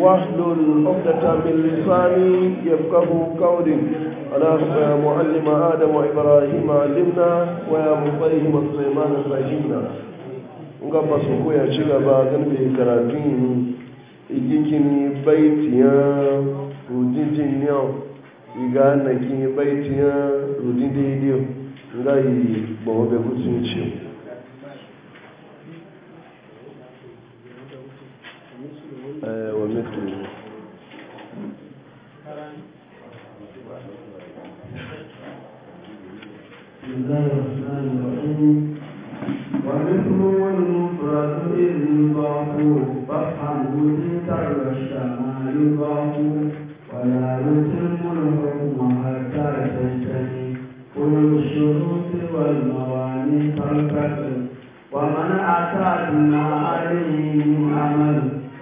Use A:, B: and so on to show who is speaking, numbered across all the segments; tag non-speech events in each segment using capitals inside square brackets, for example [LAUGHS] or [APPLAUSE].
A: واحلل عقدة من لساني يفقه قولي اللهم يا معلم آدم وإبراهيم علمنا ويا مفهم سليمان فهمنا ngamba su ya ci gaba gan bai karatun igikin baitiyan rudidin yau iga na kin baitiyan rudidin yau nga yi gbawo bai kusurci ومثل
B: بسم الله الرحمن الرحيم ومثل والمفرد إذ يضاف فافحمه تلتر الشمال يضاف ولا يتم الحكم حتى تجتني كل الشروط والمواني تنتقل ومن أتى بما عليه من أمل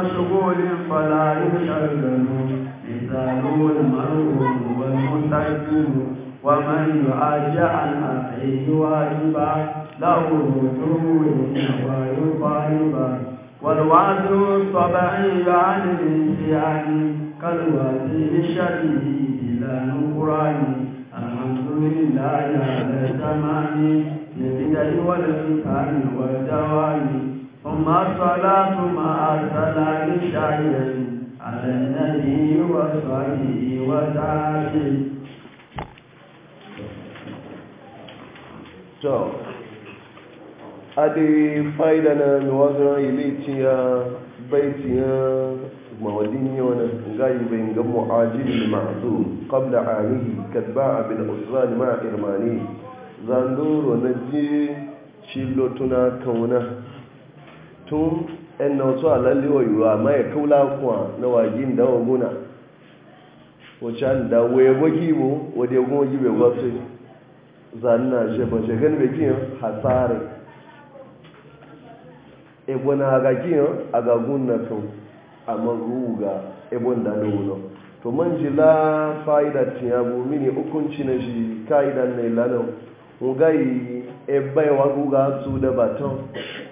B: مشغول فلا يشغل لسانه المرء والمستكبر ومن يعج عن واجبا له رجوع ويقاربا والوعد طبعي عن الانسان كالوعد الشديد لا نقران الحمد لله على الزمان البدع والإنسان والدوام ثم الصلاة ما سلام شعير على النبي وصحبه
A: So, a adi faida na miwazirar ya baitiyan mawadini wani gayi bai ga mu'ajiri ma'azu kabla anihi kadba abin usman ma irmani zandoro na ji shi lotuna kauna tun ‘yan na wasu alalli wa yiwuwa mai kaula kuwa na wagin da waguna wacan da waya gwagi bu wadda ya kuma gibe gwasi zanna shi ba shi gani kiyan hasari ebona aga kiyan aga gunna tun a maguga ebon da nuna to man ji la fa'ida tiya bu mini hukunci na shi ka'idan na ilanin mu gayi ebe wa guga su da baton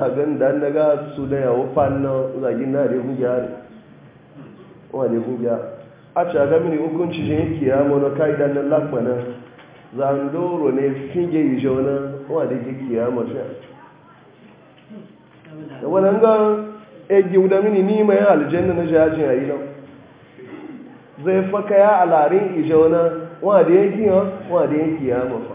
A: hagan da daga su e da yawo fannin zagin na da kungiya ne wani kungiya a ce a gamini hukunci shi yake ya mono ka'idan na lakwana zandoro ne finge yi shi wani wani kiki ya mashi da wani ga egi wuda mini ni mai aljanna na jajin yayi nan zai faka ya alarin ije wani da yake ya wani da yake ya mafa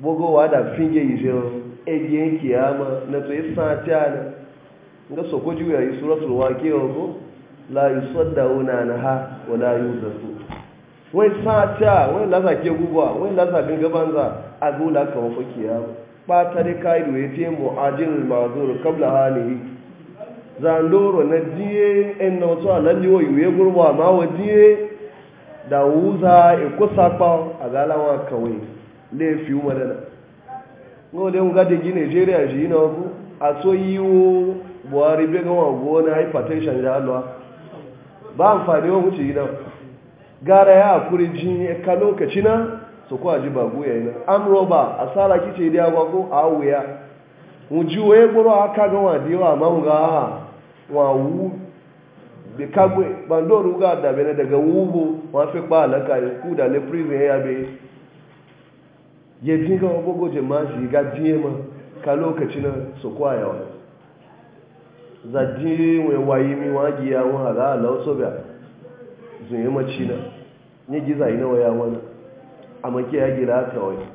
A: bugowa da finge yijin egiyen kiyama na tsaye sata na ga soko ya yi suratul wake wa ko la yi sadda wuna na ha wa la yi zasu wai a wai lasa ke guba wai lasa bin gaban za a gula ka fa kiyama ba ta da kayi da ya ce mu ajin mazur kabla halihi zandoro na jiye en na wasu alalli wa yuye gurba ma wa jiye da wuza ikusa e pa a galawa kawai na wadana gole mu gade gi nigeria ji na ku a so yiwo buhari bai gama na hypertension da alwa ba amfani wa wuce na gara ya hakuri ji ka lokaci na su kuwa ji bago ya yi na amroba a tsara kice da agwa ko a wuya mu ji waye aka gama da yawa ma mu ga wa wu bi kagwe bandoru ga dabe daga wubo wa fi kpa ka ku da le prison ya be ya jinga wa gogo jama'a ga jiye ma ka lokaci na su kwaya wani zaji wai wayi mi wagi ya wani ala ala wasu ga zunye maci na ne giza ina waya wani a maki ya gira ta wani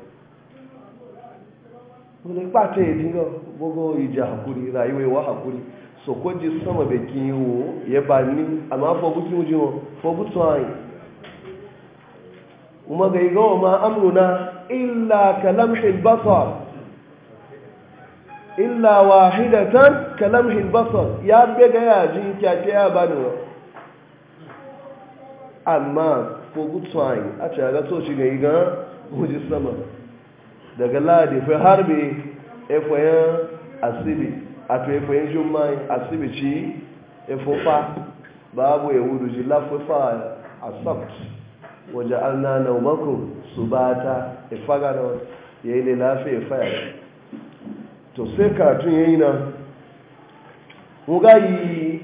A: wani kpata ya jinga gogo ija hakuri rayuwa wa hakuri so ko ji sama bai kin wo ya ba ni amma fogu kin ji wo fogu kuma ga gawa ma amruna illa kalamhil basar illa wahidatan kalamhil basar ya be ga yaji kyake ya bani wa amma ko good a ce ga so shi ga yi iga huji sama daga ladi fa harbe efoyan asibi a to efoyan jumai asibi ci efofa babu ya ji lafafa a sabt waje an na naumakon su ba ta ifaga na ya yi lilafi ifaya to sai katun ya yi nan muga yi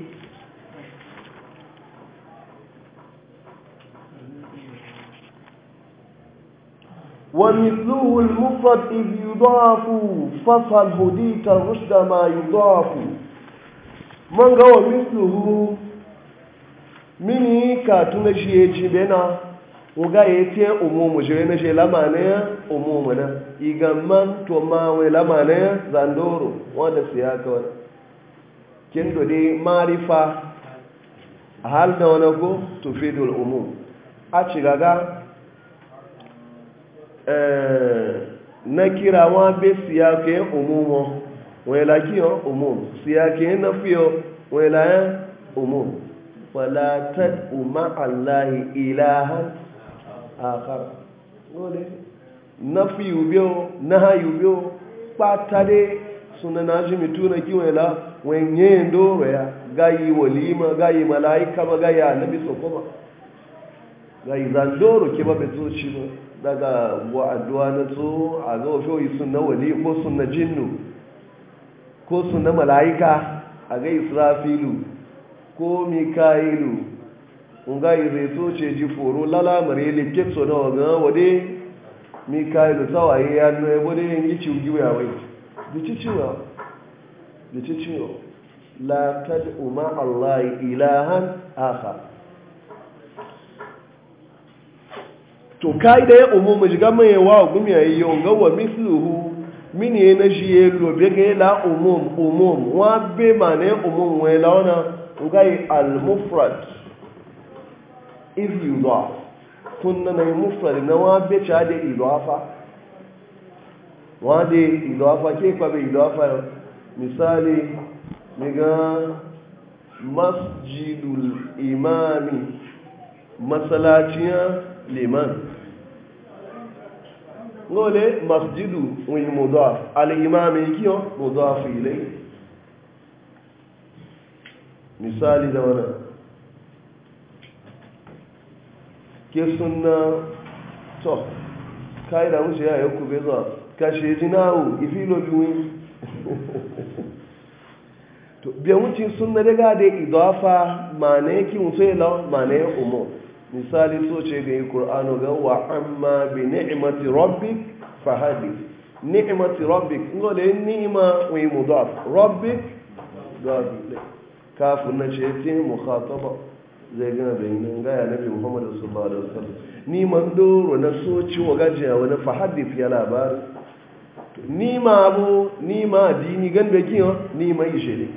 A: ومثله المفرد إذ يضاف فصل هديت الرشد ما يضاف من قوى مثله مني كاتون شيء جبنا wuga ya ce umumu shi na shi lamane umumu na igamman to ma wai lamane zanduru zandoro wanda su ya ka wani marifa hal da wani go to fidul umum a ci eh, na kira wa be siya ke umumo la kiyo umum siya ke na fiyo wai la umum wala tad'u ma'a allahi ilahan akhar dole nafi ubiyo nahayi ubiyo patade suna na ji mituna kiwela wenye ndoro ya gayi walima gayi malaika ma na annabi sokoma gayi zandoro ke ba bezo shi ba daga wa addu'a na so a ga wafi yi sunna wali ko sunna jinnu ko sunna malaika a ga israfilu ko mika'ilu nga ize soce ji foro lala mare le ketso na wa ga wade mi kai da tawaye ya no e wade yin ci ugi wa wai bi ci ci wa bi ci ci wa la tad'u ma allah ilahan akhar to kai da umumu jiga mai wa gumi ayi yo ga wa misluhu min ye na shi ye lo be ga la umum umum wa be ma ne umum we la ona ngai al mufrad iz yudaf kunna na mufrad na wa be cha de idafa wa de idafa ke kwa be idafa misali miga masjidul imami masalaciya liman ngole masjidu wi mudaf al imami kiyo mudaf ilay misali da wannan ke suna to kai da wuce ya yi ku beza kashe jinawu ifi lobiwin [LAUGHS] to biya wuce suna daga da idafa ma ne ki wuce lau ma ne umu misali so ce ga yi ƙur'anu ga wa amma bi ni'imati rabbik fahadi ni'imati rabbik ngo da yin ni'ima wa yi mudaf rabbik ga kafu na ce ti mukhataba zai gina da yin gaya na bi muhammadu sallallahu alaihi wasallam ni man doro na so ciwo gajiya wani fahadif ya labari ni ma abu ni ma dini gan da kiyo ni mai jele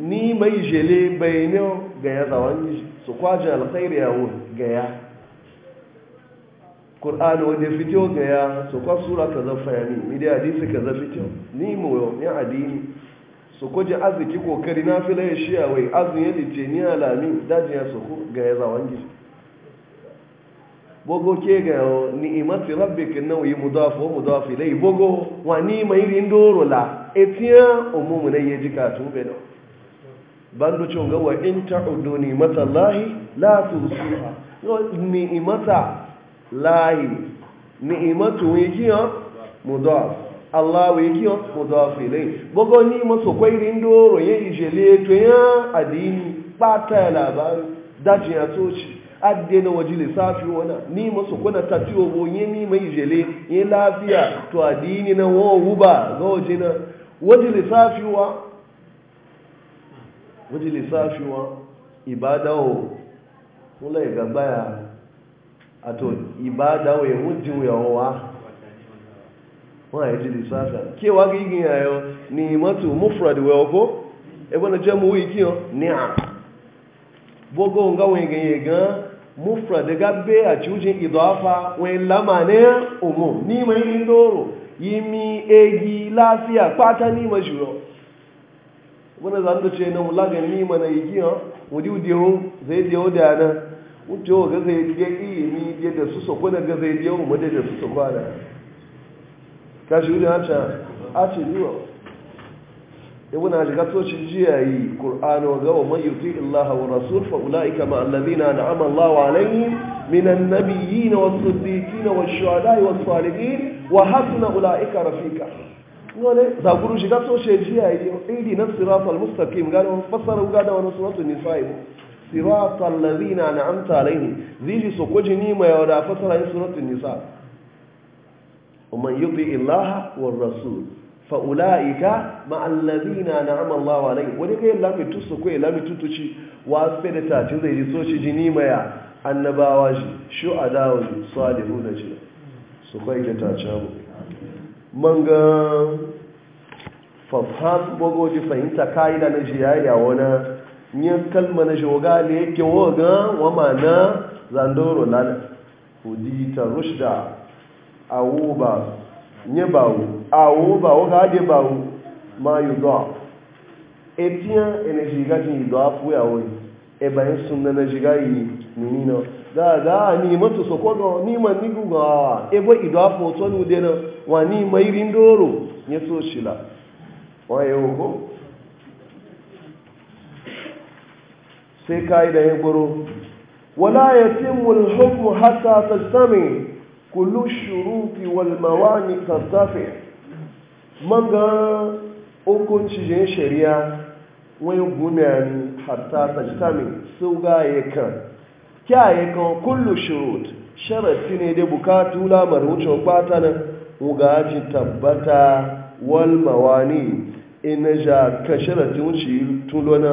A: ni mai jele bai ne ga ya zawan su kwajin alkhairi ya wuri ga ya Qur'an wanda fito ga ya su kwa sura ya ni mai da hadisi kaza fito ni mu ya adini su kwaji arziki kokari na fi laye shi wai azun yadda ce ni alami daji ya su ga ya zawon gishi bogo ke ga ni'imati rabbika nawi mudafu mudafu ilay bogo wa ni mai ndoro la etiya umumu a yeji ka tube no bando ga wa in ta'udu ni'mata lahi, la tusuha no ni'mata lahi ni'matu yeji mudafu Allah wee kiyo mudaf ilay bogo ni iri kwairi ndoro ye ijele to ya adini pata ya labari daji ya tochi adde na waji lissafi na. ni maso kuna tatiwo bonye ijele ye laafiya, to adini na wo wuba ga na Wajiri lissafi wa wa nwaanyị ji lisasa kewa gị igi yayo ni matu mufrad wee ọgụ ebe na jemu wiki yo ni a bogo nga wee ga mufrad ga be a cikin idafa wee lama ne umu ni mai iri ndoro yi mi egi a kpata n'ime ma wani zan ce na mulaga ni ma na igi yo ụdị zai na ụdị kashi wujen haca a ce yiwa ibu na shiga tocin jiyayi ƙur'anu ga wa mai yuti illaha wa rasul fa'ula'ika ma'allazina na amallawa alayhi minan nabiyyi na wasu diki na wasu shuhada wasu saliki wa ula ula'ika rafika wani zaguru shiga tocin jiyayi idi na siratul mustaqim gano fasara gada wani suratul nisa'i siratul ladina na'amta alayhi ziji sokojini mai wada fasara yin suratu nisaibu. ومن يطع الله والرسول فاولئك مع الذين نعم الله عليهم ودي كاي لامي تسو كاي لامي تتوشي واسفه تا زي سوشي جني مايا annabawa shi shu'adawa shi salihuna shi su kai da ta camu man ga fafhan bogoji fahimta ka'ida na shi wani yin kalma na yake waga wa mana zandoro hudita rushda awu ba nye bawu awu ba wo ga de bawu ma yu do etia energy ga ti do afu ya wo e ba na energy ga yi ni na da ga ni mo to so ko do ni ma ni gu ga e bo ido afu to nu de na wa ni ma iri ndoro nye so shila wa ye wo sai kai da ya gboro wala yatimul hukmu hatta tajtami كل الشروط والموانع ترتفع مانغا اوكون شيء شريعه ويغمن حتى تجتمع سوغا يكن كيا يكن كل الشروط شرط ne da bukatu lamar wucin fata nan ugaji tabbata wal mawani in ja ka sharatin wuce tulona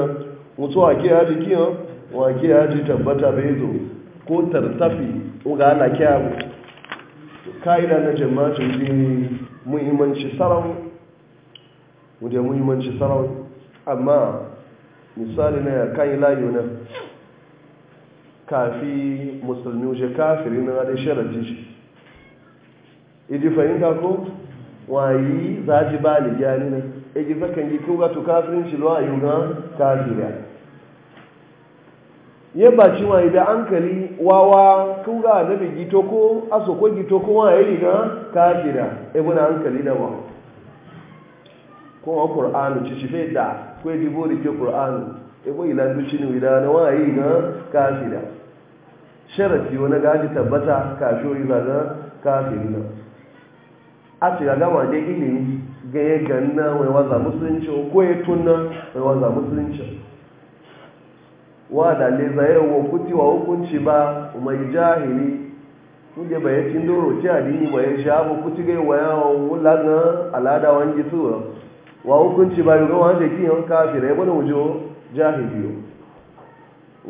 A: wa ke haji kiyan wa ke haji tabbata bai zo ko tartafi uga ala ka'ida na jama'atun dini muhimmanci sarau wadda muhimmanci sarau amma misali na ya kayi layu na kafi musulmi wuce kafiri na da sharafi shi idi fahimta ko wayi zaji ba ligya ne na egi zakan yi to kafirin shi lo a yi na kafiri ya ba ci da ibe ankali wawa kun ga annabi gito ko aso ko gito ko wa yayi ga kafira e buna hankali da ba ko qur'anu ci ci da, kwai di da ke qur'anu e bo ila du ci ni na wa yi e ga kafira sharafi wani gaji tabbata kafiro na na kafira a ci ga gama dai ilimi ga ya ganna wai waza musulunci ko ya e tunna wai waza musulunci wada yi wa kuti wa hukunci ba mai jahili kuje ba yake cin doro ci adini ba ya sha bu kuti ga wa yawon wula na alada wangi tuwa wa hukunci ba yuga wanda ki yan kafira ya bani wujo yo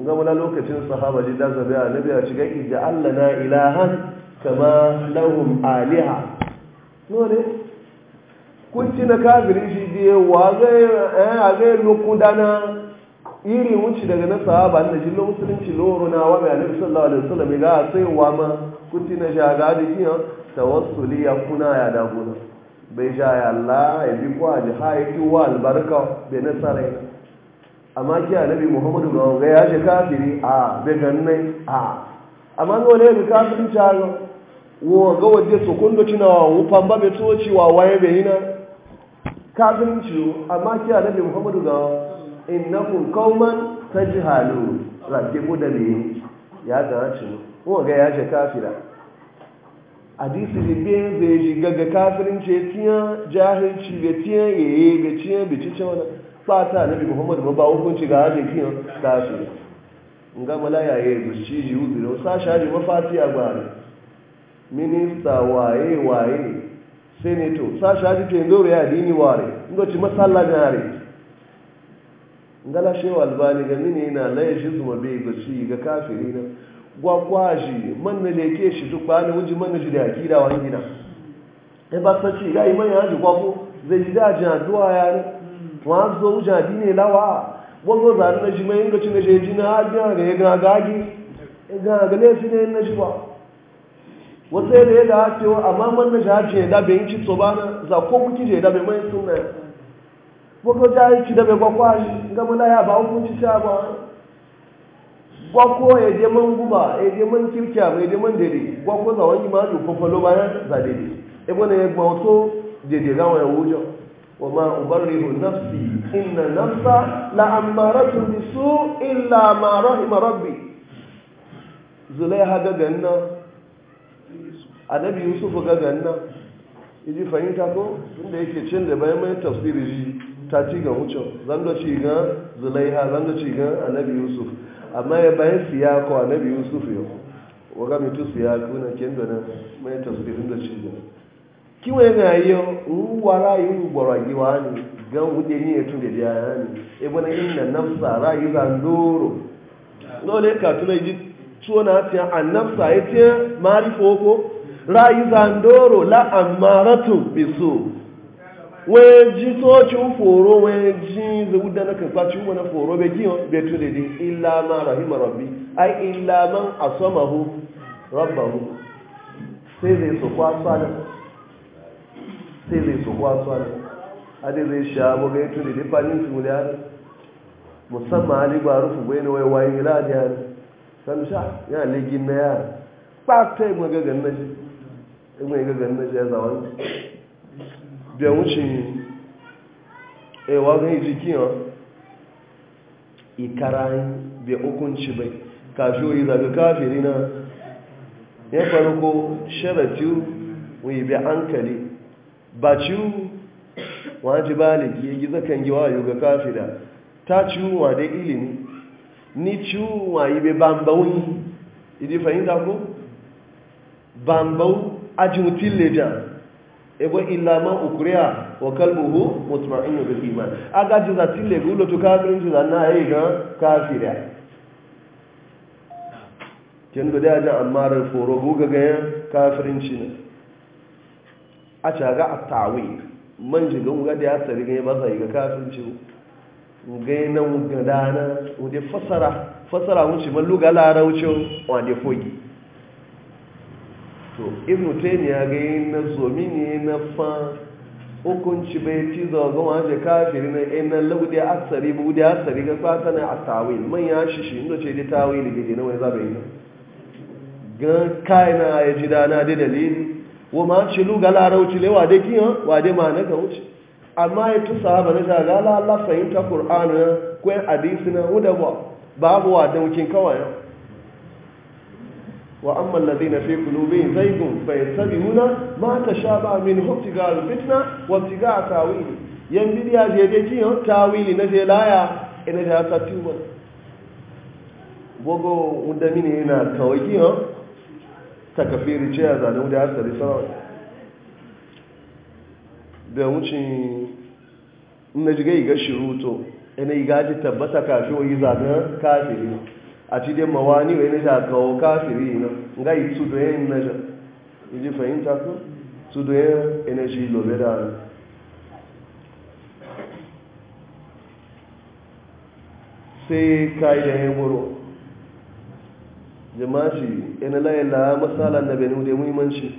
A: ga mula lokacin sahaba ji da zabe a nabi a shiga idda allah na ilahan kama lahum aliha nore kunci na kafiri shi je wa ga ya eh, ga lokudana iri wuce daga na sahaba na jillo musulunci loro na wa mai alaihi sallallahu alaihi wasallam ga sai wa ma kuti na shaga da kiya tawassuli ya kuna ya dagona bai sha ya Allah ya bi kwa ji haiki wa albarka bai na sarai amma ki Alabi Muhammadu ga ga ya ji kafiri a bai ganne a amma ga wani ga kafirin chalo Wa ga waje su kundo cina wa wufan ba bai toci wa waye bai yi hina kafirin ciwo amma ki Alabi Muhammadu ga innakun kauman ta ji halu rafi ya gana cinu kuma ga ya ce kafira hadisi libyan zai ji gaga kafirin ce tiyan jahilci bai tiyan yaye bai tiyan bai ce wani fata na bi muhammadu ba ba hukunci ga hajji kiyan kafira nga mala ya yi zuci ji uzuri sa shaji mafati a gbari minista waye waye senator ke ndoro ya dini ware masalla ngala shewa albani ga mini na laye shi zuma bai ga shi ga kafiri na gwagwa shi man na leke shi duk ba na wuji man na shi da akida wa gina e ba sa ci ga iman ya ji gwagwo zai ji da jin addu'a ya ne mm. wa zo wuji adini lawa gwagwo za na shi mai inga cin da shi ji na ajiya ga ya ga gagi ga ga ne shi ne na shi ba wata yadda ya da hakewa amma man na shi hace ya dabe yin ci tsobana za ko kuki je dabe mai sunna boko jayi ci da bai gwakwa shi ga ya ba hukunci ta ba gwakko ya je man guba ya je man kirkiya bai je man dede gwakko za wani ma da fafalo bayan za dede e na ya ba wato dede ga wani wujo wa ma ubarrihu nafsi inna nafsa na amara ammaratu bisu illa ma rahima rabbi ha ga ganna annabi yusuf ga ganna iji fahimta ko inda yake cin da bayan mai tafsiri ta ci ga wuce zando ci ga zulaiha zando ci ga annabi yusuf amma ya bayan siyako annabi yusuf yau waga mitu siyako na kendo na mai tasirin da ci ga kiwe ga yo wara yi gbara giwa ni ga wuce ni etu da biya ya ni e bona yin na nafsa rayu ga ndoro dole ka tuna ji tuwo na tiya an nafsa ya tiya marifoko rayu ga ndoro la amaratu bisu wee ji soci foro wee ji zewu da na kafa ci foro be jiyan bai tuni di illa rahima rabbi asamahu rabbahu sai zai su kwasa da sai zai su kwasa da adi zai musamman ali ba rufu bai ne wai wayi ila ya na yari ba ta yi na na bí ẹ̀hún ṣe ẹwà gan ìjì kí hàn bí okun ṣe bai kàfí orí zaga káfìrí na ya farko sharatiu wai bi ba ciwu wọ́n yìí bá lè gíye gíza kan gíwa yóò ga káfìdá ta ciwuwa ilimi ni yi ebo illa ma ukriya wa kalbuhu mutma'innu bil iman aga za tile lo to kafirin juza na e yi ga kafira kin do da ja ammar ran foro guga ga kafirin shi ne a ca ga atawi man shiga ga da ya tsari ga ba sai ga kafirin shi ga mu ga u de fasara fasara wuce man luga lara wa de fogi to ibn ya ga yin na zomini na fa hukunci bai ci zaga waje kafiri na in eh, nan asari bude asari ga fata a tawil man ya shishi inda ce da tawil da na wai zaba yi ga kai na ya ji dana da dalili wa ma ci luga rauci lewa da kiyan wa da ma na ga wuce amma ya tu sahaba na ga la Allah fahimta qur'ana ko hadisi na wada ba babu wa kawai وأما الذين في قلوبهم زيغ فيتبعون ما تشابه منه ابتغاء الفتنة وابتغاء تاويله ينبدي هذه جيجي تاويل نجي لا يا إن جاء تتوبة gogo wanda mini yana kawaki ha ta kafiri ce ya zane wanda ya tsari sarawai da wucin na jiga iga shiruto ina iga ji tabbata kafin yi zanen kafiri a ci dai mawani wani da kawo kafiri na ga yi su doyen na ja iji fahimta ko su doyen energy lobe da ana sai kayan ya buru jama'a shi yana layila matsala na benin da muhimmanci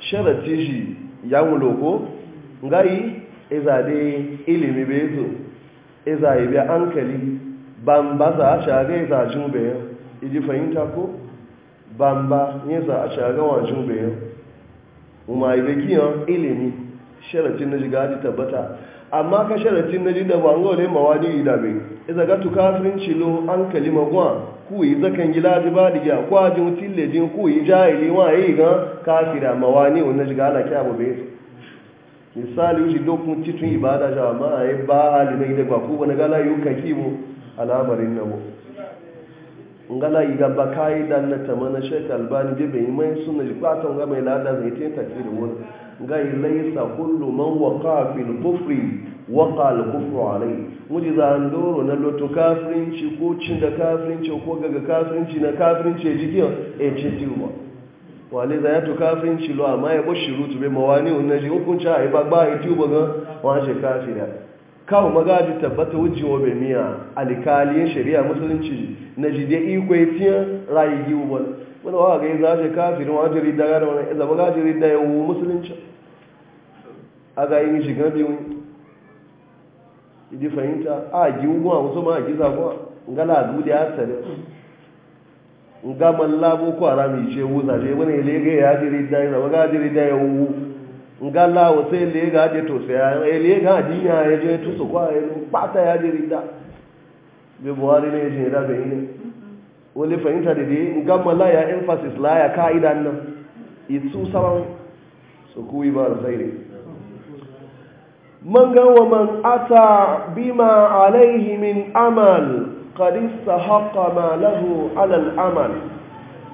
A: sharati shi ya muloko ga yi izade ilimi bezo izaye bi hankali bamba za a shaga za a jumbe yau iji fahimta ko bamba yin za a shaga wa jumbe yau umar ibekiyan ilimi sharatin na jiga ji tabbata amma ka sharatin na ji jida ba ngole mawani idabe iza ga tu kafirin cilo an kalima gwa ku yi zakan gila ji ba diga kwa jin tille jin ku yi jahili wa yi ga kafira mawani wannan jiga ala kyabu bai misali shi dokun titun ibada a yi ba alimai da baku wani gala yi ka kimo al'amarin nabo ngala yi gaba kayi dan na tama na shek albani bi bai mai suna ji fatan ga mai lada zai ta tafi da wani ga lai sa kullu man waqa kufri waqa al kufru alai muji za an doro na loto kafirinci ko cin da kafirinci ko gaga kafirinci na kafirinci jikin e ce tiwa wale za ya tuka fin cilo maa ya bashi rutu bai mawani wannan shi hukunci a ba ba iti uba ga wace kafira kawo magaji tabbata wujin obe miya alikaliyin shari'a musulunci na jide iko ya fiye rayu gi uba wani wa ga za ce kafirin wa wani ya wu musulunci a a a nga malla boko haram yi ce wuza je wani lega ya jiri da yana waga jiri da yawu nga la o sai lega e e je to sai ya lega dinya ya je to so kwa ya e pata ya jiri da be buhari ne je da bai wani fahimta da dai nga malla ya emphasis la ya kaida nan itsu saban su kuwi ba zaire man ga wa man ata bima alaihi min amal Kadista haka ma lahu alal amal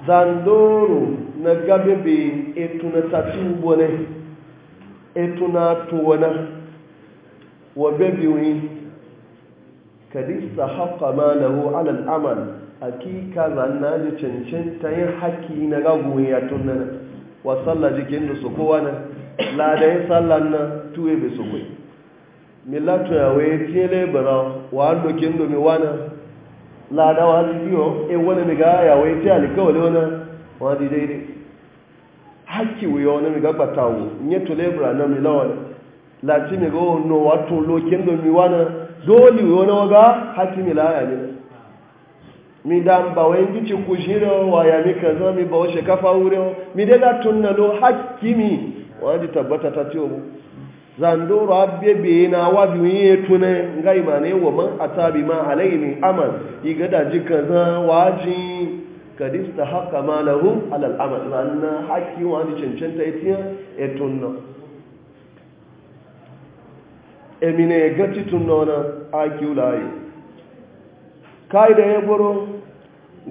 A: zandoro na etu na etuna tatin etu na tuwana wa Kadista karista haka ma lahu alal amal hakika zanna ji cancanta yin haki na gagoyi a tunan wa tsalla jikin da su kowa nan ladayin sallan nan tuwe bai su kwai milatu ya waye tiyele bara wa hannu kin domin wani Lada wa ladawa zikiyo e wani miga ya wai ta alikawali wani wani daidai haki wuyo wani miga gbatawo nye tulebra na milawar lati miga ono wato lokin domin wani dole wuyo na waga haki milaya ne mi dan ba wai gici ku shiro wa ya mi kaza mi ba wace kafa wurin mi dai da tunna haki mi wani tabbata ta ciwo zandoro abbe be na wabi ne tune ngai ma ne wa man atabi ma alaini amal iga da jika za waji kad istahaqqa ma lahu ala al amal zanna hakki wa ni cancanta itiya etunno emine gati tunno na aki ulai kaida ya boro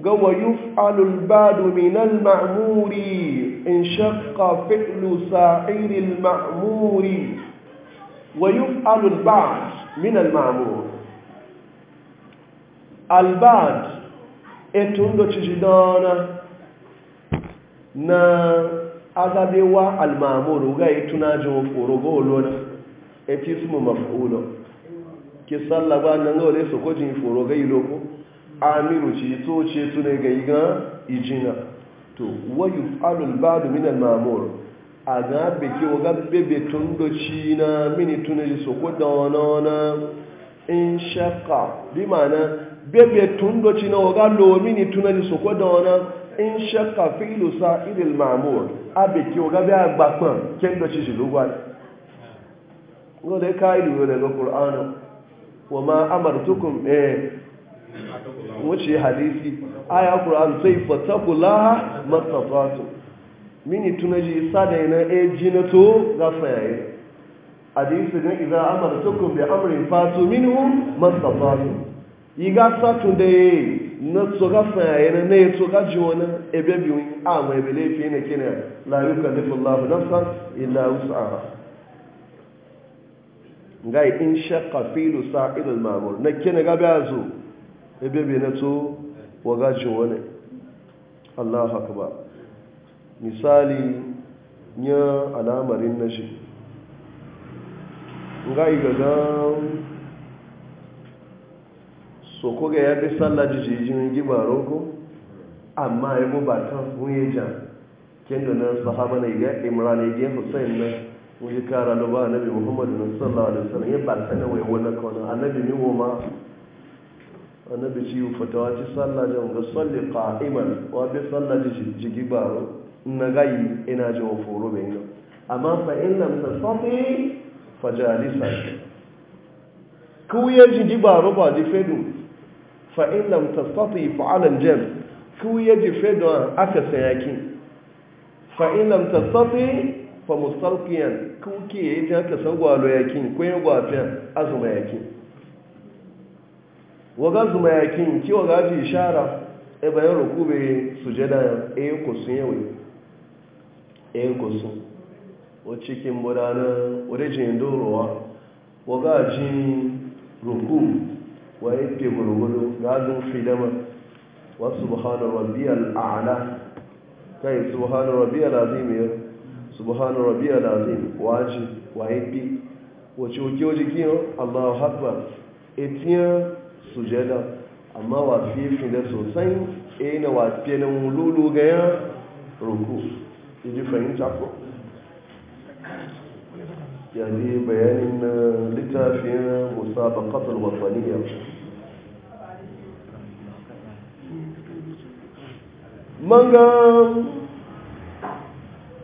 A: ga wa yuf'alu al badu min al ma'muri in shaqqa fi'lu sa'iri al ma'muri ويفعل البعض من المعمور البعض etundo chijidona na azabewa almamuru ga itunaje oforogo olona etismu maf'ulo ki sallaba nan ga ole sokojin foroga iloko amiru ci to ce tune ga iga ijina to wayu alul ba'd min al-ma'mur a ga beke wa gabbe betun doci na minitun ji soko da na in shakka bi mana bebe tun doci na waga lo minitun ji soko da wani in shakka filu sa idil mamur a beke wa gabbe a gbakon ken doci shi lugwal gole ka ilu daga ƙur'anu wa ma amartukum eh wuce hadisi aya ƙur'an sai fatakula mastatatu mini tuna ji sada yana e ji na to za su yayi hadisi e. ne idan amara tukum bi amrin fatu minhu mastafatu ga satu da e, na to ga na e, na ne to ga ji wona e be bi win a mai be le fi ne kina la yukallifu allah nafsan illa wus'aha ngai in shaqqa filu sa'il al ma'mur na kina ga ba zo e be be na to wa ga ji wona allah akbar misali ya alamarin na shi ga igaga sokoge ko ga ya fi sallah jijijin gibaron amma ya bubatan hunye jan kendo na sahaba na iga imran ya gen hussein na wuji kara na ba annabi muhammad na sallallahu alaihi wasallam ya barta na wayo na kona annabi mi woma annabi ci fatawa ci sallah jan ga salli qa'iman wa bi sallah jijibaro na gayi ina ji wa foro mai yi amma fa in ta sofi fajalisa jalisa ku ji baro ba roba ji fedu fa in ta sofi fa ala jam ku ji fedu aka sayaki fa in ta sofi fa musalkiyan kuke ke yi ta aka san gwalo yaki ko gwafiya azuma yaki waga zuma yakin ki gaji ji ishara e bayan rukube su e ya sun yawai yan kusu o cikin gudanar wajen dorowa wagajin ruku wa yake gurgudu gazin fidama wa subhanu rabbiyal a'la kai subhanu rabbiyal azim ya subhanu rabbiyal azim waji wa yake wace oke oji kiyo allahu akbar etiyan sujeda amma wa fiye fida sosai ina wa fiye na mululu ruku ji fahimta ko ya ji bayanin na uh, littafin musabaqatul wataniyya manga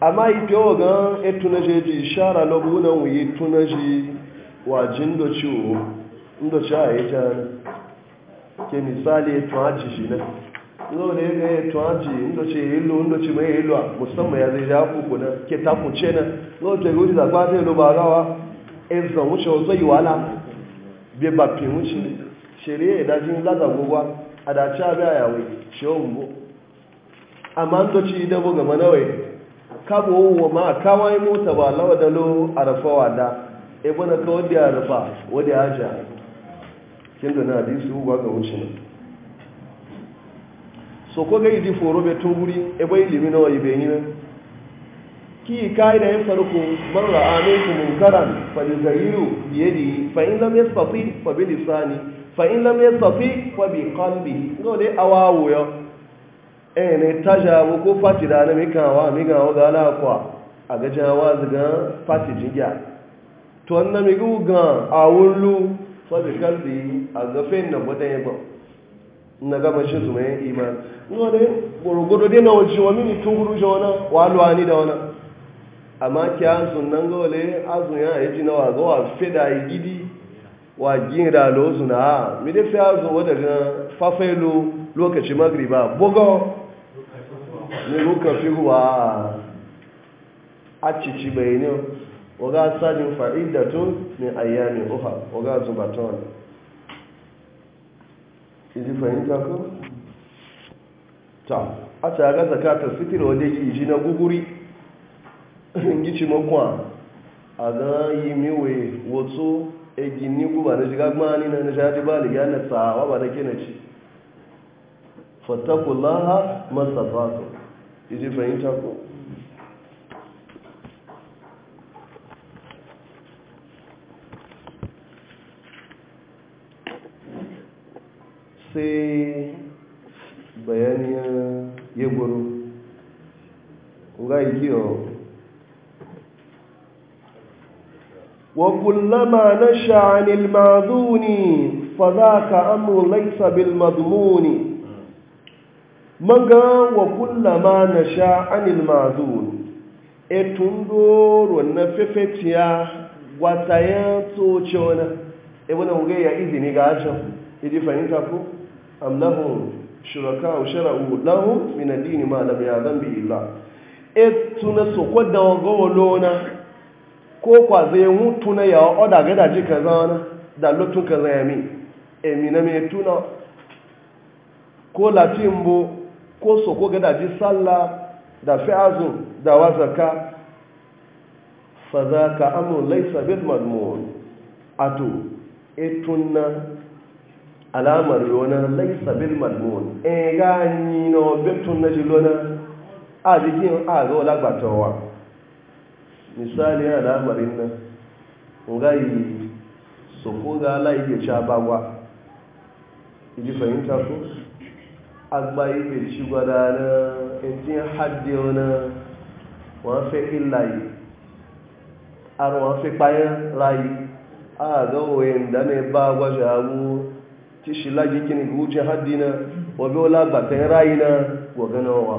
A: amma ike ogan etunaje ji ishara lobu na wuyi tunaji wajin doci wo ke misali zo ne ga ya tuwaci inda ce hillo inda ce mai hillo musamman ya zai jafu kuna ke takunce nan zo ce gudu da kwa zai loba rawa in zan wuce wasu yi wala bai ba fi wuce shari'a ya dajin lada gogwa a dace a biya yawai shehun bo amma inda ce da buga manawai kabo wa ma kawai mota ba lawa da lo a rafa wada ebe na kawai da ya rafa wadda ya ja kin da na hadisi ba ga wuce nan so ko gai ji foro bai tunguri e bai limi yi wai bai yina ki kai da yin farko man ra'a minkum munkaran fa yuzayyiru bi yadihi fa in lam yastati fa bi lisani fa in lam yastati fa bi qalbi ngo de awawo yo e ne tajawu ko fatida na mi kawa mi ga wa gala kwa a ga jawa ziga fatiji ya to annami gugan awulu fa bi qalbi a gafen na bodan yabo na gama shi zuma yin imani yau ne gwargwado dai na wajen wa mini tun guru Wa waluwa ni da wani amma ki azun nan ga wale azun ya yi ji na waga wa feda yi gidi wa gin da lozu na a mi dai fi azun wadda na fafailo lokaci magriba bugo ne luka fi huwa a cici bai ne waga sajin fa'idatun ne ayyami uha waga zubatun kiji fahimta ko ta a ta ga zakatar fitir wadda ke ji na guguri gici makwa a ga yi miwe wato egini guba na shiga gmani na na shaji ba liya na tsawa ba da ke na ci fatakullaha masafatu kiji fahimta ko sai bayanin ya guru ƙungayi wa kullama na sha'anil mazuni fa za ka amu laisa bil mazmuni manga wa kullama e na sha'anil mazuni etun doron na fefeciya wata yanto ce wani ebe na wuge ya izini ga ajiyar idi fahimta ko? am lahum shuraka'u shara'u lahum min ad-din ma lam ya'zan bihi Allah et tuna so ko da go lona ko kwa zai mutu na ya oda ga da ji ka na da lotun ka ya mi e mi na me tuna ko latimbo ko so ko ga da ji salla, da fi'azu da wazaka fa zaka amrun laysa bil madmun atu etunna alamar yona laisa bil madmun e ga ni no betun na lona a jikin a ga wala wa misali alamarin nan ngai so ko ga ala yake cha bagwa idi fahimta ko agba yake ci gwada na etin hadde ona wa fe illai ar wa fe payan rai a ga wo en da ne gwa jabu ti shi lagi kini guje haddi na wabe wala batan rayi na wa ganawa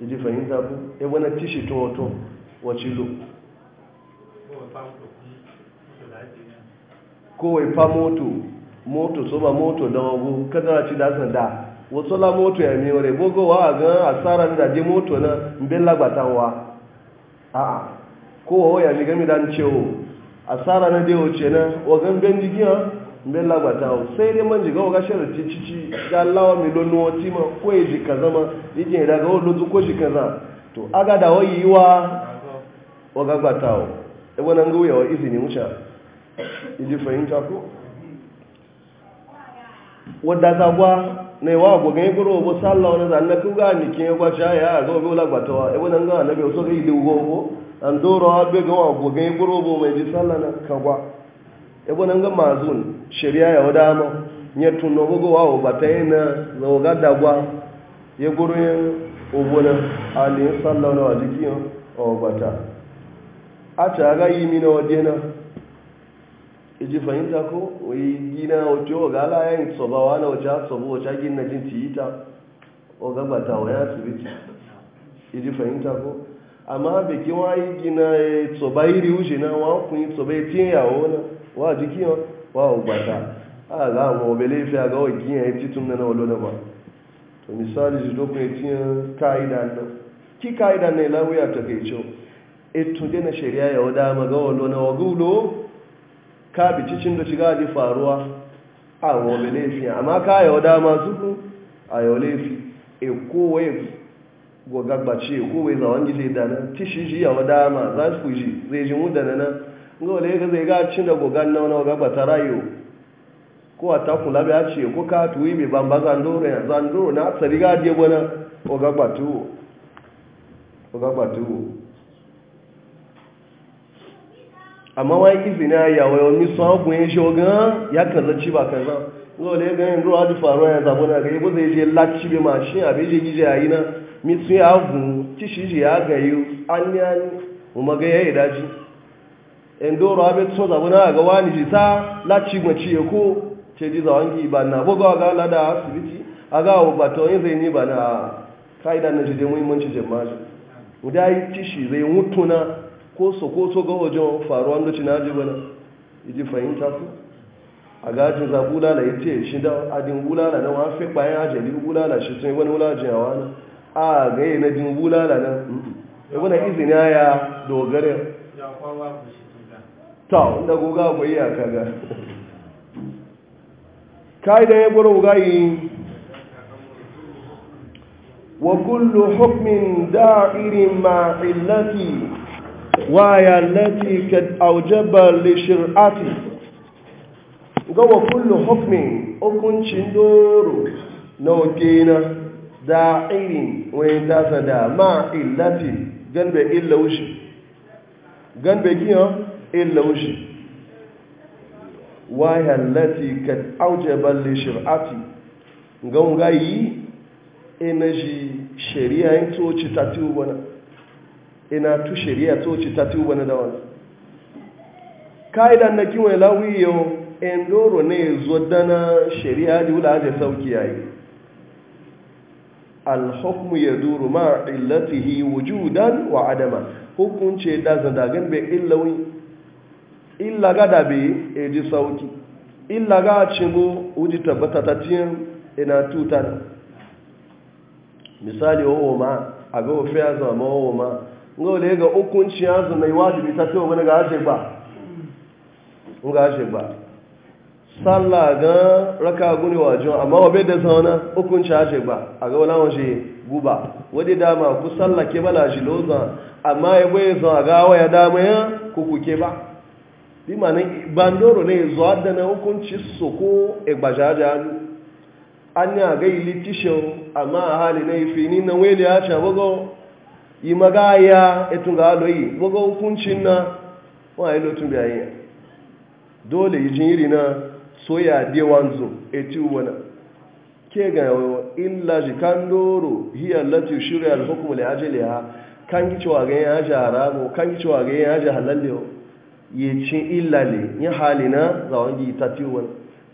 A: yaji fahimta ku ya e wani ti shi to wato wace lo kowai fa moto moto so ba moto da wago kada ci da da wato la moto ya mi ore bogo wa ga asara da je moto na mbella lagbata wa a a kowa ya mi gami dan cewo asara na dewo ce na wagan bendigiya mbin lagbata o sai dai man jiga ga shirin cici da lawa mai lonu wati ma ko ya e ji kaza ma yake daga wani lotu ko shi e kaza to aga da wai yiwa wa gagbata o ebe nan gauya wa izini wuce iji fahimta ko wadda ta gwa na yawa gogon igoro obo sallah wani zanna kuga nikin ya gwace ya a zo biyu lagbatawa ebe nan gawa na biyu so ga yi dugo obo an doro abe gawa gogon igoro obo mai ji sallah na kagwa Ebona nga ga mazun shari'a ya wada ma nye tunno gogo wa o batai na zo ga dagwa ye ye obona ali sallallahu alaihi wasallam o bata Acha ta ga yi mina wadena iji fahimta ko oyi gina wato o ga la yin sobawa na wata sobo wata gin na jin tiyita o ga bata wa ya sibiti iji fahimta ko amma be ki wa yi gina e, sobairi ujina wa kun sobai tiyawo na wọ́n àjú kí wọn wọ́n ò gbàtà àgbà àwọn na wa to misali su dókun etí káìdà náà kí káìdà náà láwé àtọ̀kẹ̀ ìṣó ètò dẹ́nà ṣẹ̀ríà yà ọ̀dá àmàgà olónà ọgúlò káàbì títún tó ṣìgá àdí faruwa àwọn ọ̀bẹ̀lẹ̀ ìfẹ́ àmá káyà ọ̀dá àmàzúkú àyọ̀lẹ̀ ìfẹ́ èkó wẹ́ẹ̀fù gọ̀gàgbàṣe èkó wẹ́ẹ̀ zàwọn gíṣe ìdáná tíṣíṣí yà ọ̀dá àmà zásùkú yìí zai ji na. ngo le ga zai ga cin da gogan na wani ga bata rayu ko a taku labi a ce ko ka tuwi mai bamba zandoro ya zandoro na tsari ga je gwana o ga batu o batu amma wani izina ya wayo mi so agun yin e shogun ya kaza ci ba kaza ngo le ga yin ruwa ji faruwa ya zabo na ga yabo zai je lacci bi mashin abin je gije yayi na mi tun ya agun ci shi ya ga yi an ni an mu maga yayi e daji endoro abe tso zabu na ga wani jisa la chigwa chiye ko ce ji zawangi ba na boga ga la da asibiti aga o bato yin e zai ni ba na kaida na jide muhimmanci jama'a udai shi zai mutuna ko sokoto e ga wajen faruwa lokaci na ji bana iji fahimta ku a gajin za bulala ya ce shi da adin bulala na wani fi bayan ajali bulala shi sun yi wani wulajin a wani a ga yi e na jin bulala na wani izini ya dogare ta wanda goga bai ya kaga kai da ya goro gayi wa kullu hukmin da'irin ma ma'illati wa ya lati kad aujaba li shir'ati ga wa kullu hukmin hukuncin doro na wakena da'irin wani tasa da ma'illati gan ganbe illa wushi Ganbe bai giyan illa wuce wayan lati ka auje balle shir'ati gan yi ina ji shari'a yin toci ta tiwubana ina tu shari'a toci ta tiwubana da wani ka'idan na kiwon lawi yau endoro ne zo dana shari'a da wula aje sauki yi. alhukmu ya duru ma illatihi wujudan wa adama hukunce da zandagan bai illawin illa ga dabe e sauki illa ga cimbo uji tabbata ta tiyan ina e tutar misali owo ma a ofe ya zama owo ma nga ole ga hukunci ya zama wajibi ta ce wani ga ashe gba, nga ashe gba. sallah ga raka guni wajo amma wabe da zauna hukunci ashe gba a ga wala waje guba wadi dama ku sallah ke bala shi loza amma ya bai zo a ga waya dama ya kuku ke ba bi ma ne zuwa na hukunci su ko egbajajalu an ya ga ili tishin amma a hali na ife ni na wele ya ce bugo yi magaya etun ga hukuncin na wa ilo tun dole yi jiniri na soya de wanzo eti wana ke ga illa jikandoro hiya lati shirya al ya yi cin illale yin halina za wangi ta tiwon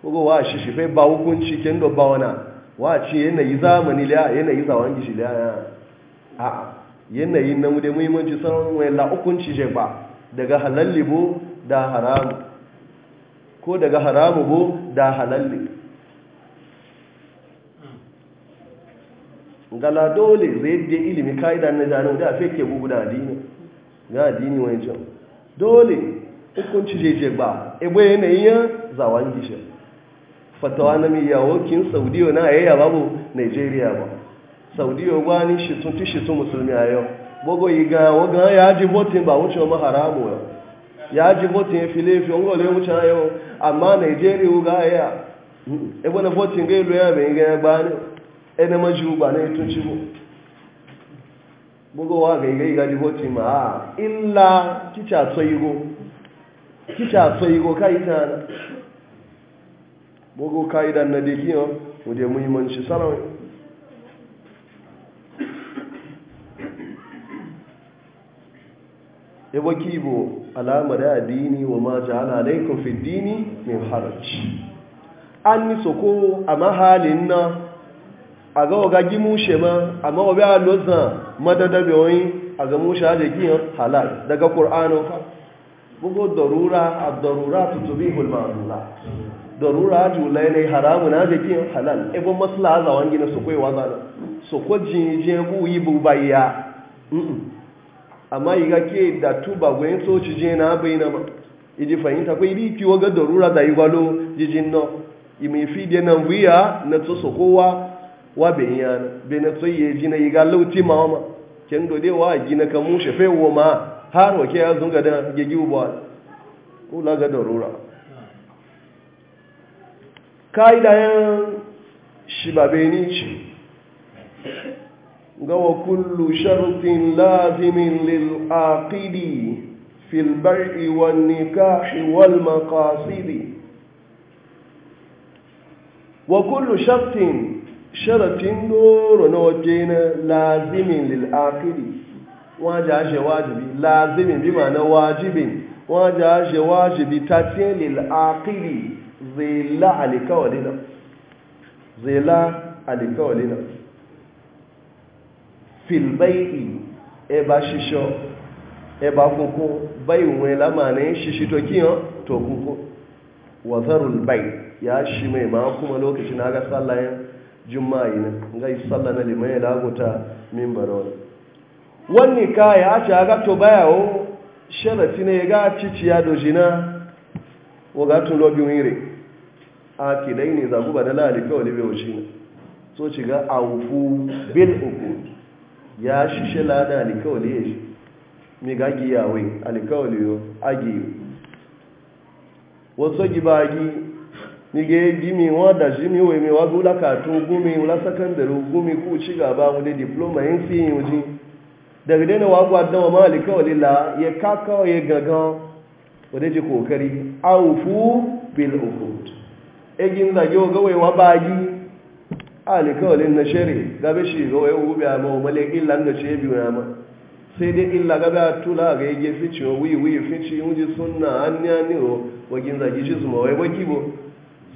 A: kogo wa shi shi fai ba hukunci ken do ba wana wa ci yanayi zamani liya yanayi za yi shi liya a yanayi na mude da muhimmanci sanar wani la hukunci je ba daga halalli bo da haramu ko daga haramu bo da halalli gala dole zai da ilimi ka'ida na jani da fake gugu da adini ga adini wani can dole hukunci jeje ba ebe yanayin zawon gishe fatawa na mai yawokin saudiyo na yaya babu nigeria ba saudiyo ba ni shitun ti shitun musulmi a yau gbogbo iga wagan ya ji votin ba wuce ma haramu ya ya ji votin fili fi ngole wuce a yau amma nigeria ga ya ebe na votin ga ilu ya bai ga ya ba ne ene maji ugba na itun ci bu gbogbo wa ga iga iga ji votin ma a ah, illa kicha so igo kisha so yi ko kai ta na bogo kai da na de kiyo mu de muhimmanci sarawi ya e baki bo alamar dini wa ma ala alaikum fi dini min haraj an ni ko a halin na a ga oga gimu shema amma obi a lozan madadabe oyin a ga mushe da giyan halal daga ƙur'anin fa bugo darura a darura tutubi hulmarula darura jula ne haramu na jikin halal ebo masla za wangi na sokoi na soko bu yi bu bayya amma yi gake da tuba gwen je na bai na ma iji fahimta ko iri ki waga darura da yi gwalo jijin no imi fi de na to wa be yana be na to yi ji na yi ga lauti ma ma ken do de wa gina kamu shefe ma har wake ya zunga da gigi ubuwa kula ga darura ka'ida yan shibabeni ce ga wa kullu shartin lazimin lil'aƙidi fil bar'i wan nikahi wal maqasidi wa kullu shartin sharatin doro na waje na lazimin lil'aƙidi. wọ́n jẹ́ àṣẹ wájìbí láàzímì bí mà náà wájìbí wọ́n jẹ́ àṣẹ wájìbí tàtíẹ̀lì àkìlì zèlá àlìkáwọ̀lẹ́nà zèlá àlìkáwọ̀lẹ́nà ẹba ṣiṣọ ẹba kúnkún báyìí wọn lámà ní ṣiṣi tó kíyàn tó kúnkún wàzarul bai ya ṣi mai ma kuma lokacin na ga sallayen juma'a yi ga yi na ya min wani kaya a ce aga to baya o sharati ne ga ciciya dojina o ga tun lobin wire a kidai ne zagu ba da lalika wani bai wuce ne so ci ga awufu bil uku ya shishe lada alikawali ya shi mi ga giyawai alikawali yo agiyo wasu gibagi ni ga gimi wa da shi mi wai mi wagu lakatun gumi wula sakandare gumi ku ci gaba wani diploma yin fiye yin daga dai na wagwa dama malika wa lilla ya kaka ya gaga wadda ji kokari awufu bil uhud egin zage wa gawai wa bagi alika wa lilla shari gabe shi gawai wa gube ma umale illa da ce biyu na ma sai dai illa gabe a tula ga yage fici wa wi wi fici wuji sunna an ya ni o wagin zage shi su ma wai baki bo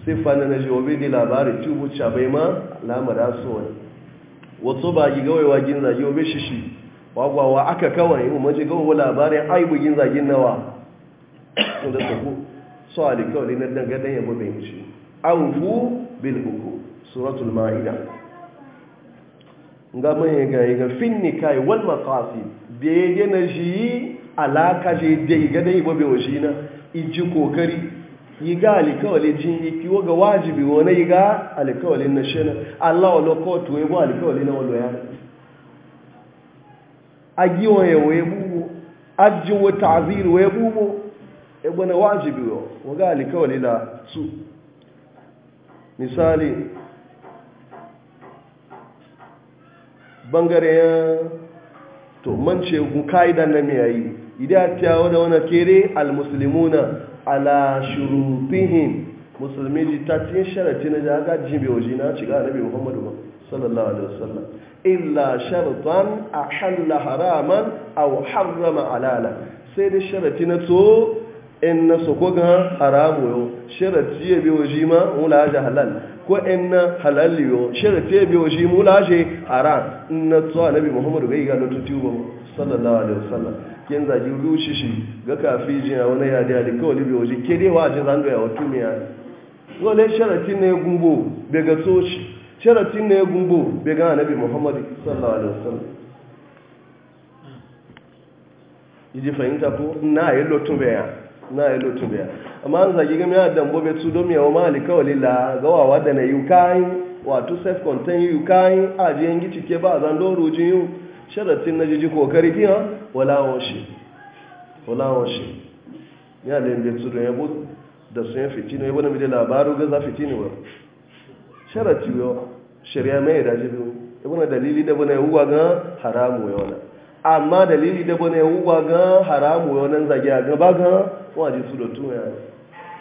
A: sai fana na jiwobe da labarin tubu cabai ma lamara so wani wato bagi gawai wagin zage wa shi shi wagwawa aka kawai mu maji gawo labarin aibugin zagin nawa da su ku so alikawali na dangadan yabo mai An awufu bil hukum suratul ma'ida ga mai ga ga finni kai wal makasi, da yi na shi alaka je da ya dai babe wa shi na iji kokari yi ga alikawali jin yi kiwo ga wajibi wani yi ga Alikawale na shi na Allah wa lokotu ya bu alikawali na wani agiwa ya waye bubo ajin wa ta'zir waye bubo e bana wajibi wa waga alkawali la su misali bangare ya to mance gun kaidan na me yi, idan ta wada wana kere almuslimuna ala shurutihim musulmi ji ta tin sharati na jaga jibe wajina ci ga nabi muhammadu ba sallallahu alaihi wasallam illa shartan ahalla haraman aw harrama alala sai da sharati na to in na so ko ga haramu yo sharati ya biyo shi ma mula ja halal ko in na halal yo sharati ya biyo shi mula je haram in na to annabi muhammadu bai ga lutu tuba sallallahu alaihi wasallam kin za ji rushi shi ga kafi ji na wani yadi da ko biyo shi ke dai ji zan doya wa tumiya wala sharati ne gumbo daga soci sharatin ne ya gumbo bai gana nabi muhammadu sallallahu alaihi wasallam iji fahimta ko na yi lotun baya na yi lotun baya amma an zagi game da dambo bai su domin yawon mahali kawai la gawawa da na yi kayi wato self contain yi ji yan gici ke ba a zan doro jin yi sharatin na jiji kokari kiyan walawon wala walawon wanshi. ya lalabe su don yabo da sun yi fitino yabo da mai labaru gaza fitino ba sharati yo shari'a mai da jibi ibn dalili da bane huwa ga haramu yo amma dalili da bane huwa ga haramu yo nan zage ga ba ga waji su da tuya